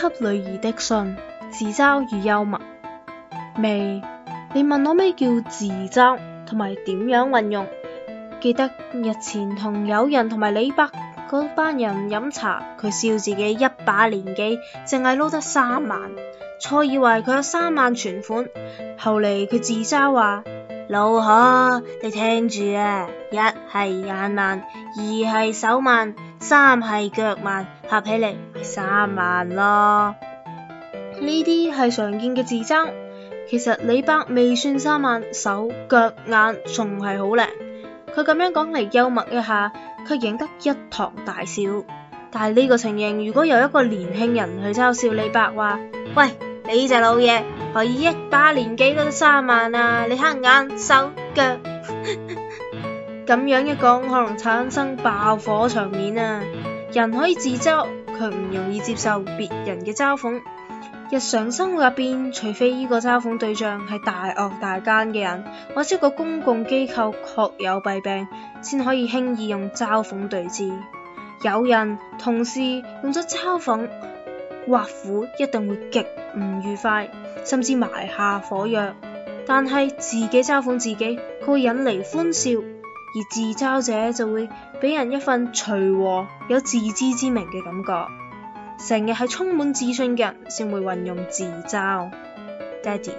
給女兒的信，自嘲與幽默。未，你問我咩叫自嘲，同埋點樣運用？記得日前同友人同埋李伯嗰班人飲茶，佢笑自己一把年紀，淨係撈得三萬，錯以為佢有三萬存款。後嚟佢自嘲話。老可，你聽住啊！一係眼慢，二係手慢，三係腳慢，合起嚟咪三慢咯。呢啲係常見嘅自嘲。其實李白未算三慢，手、腳、眼仲係好叻。佢咁樣講嚟幽默一下，卻贏得一堂大笑。但係呢個情形，如果有一個年輕人去嘲笑李白話，喂！你隻老嘢，可以一把年紀都三萬啊！你黑眼手腳咁 樣一講，可能產生爆火場面啊！人可以自嘲，卻唔容易接受別人嘅嘲諷。日常生活入邊，除非呢個嘲諷對象係大惡大奸嘅人，或者個公共機構確有弊病，先可以輕易用嘲諷對峙。有人同時用咗嘲諷挖苦，一定會激。唔愉快，甚至埋下火藥，但係自己嘲諷自己，佢會引嚟歡笑，而自嘲者就會俾人一份隨和、有自知之明嘅感覺。成日係充滿自信嘅人，先會運用自嘲。爹地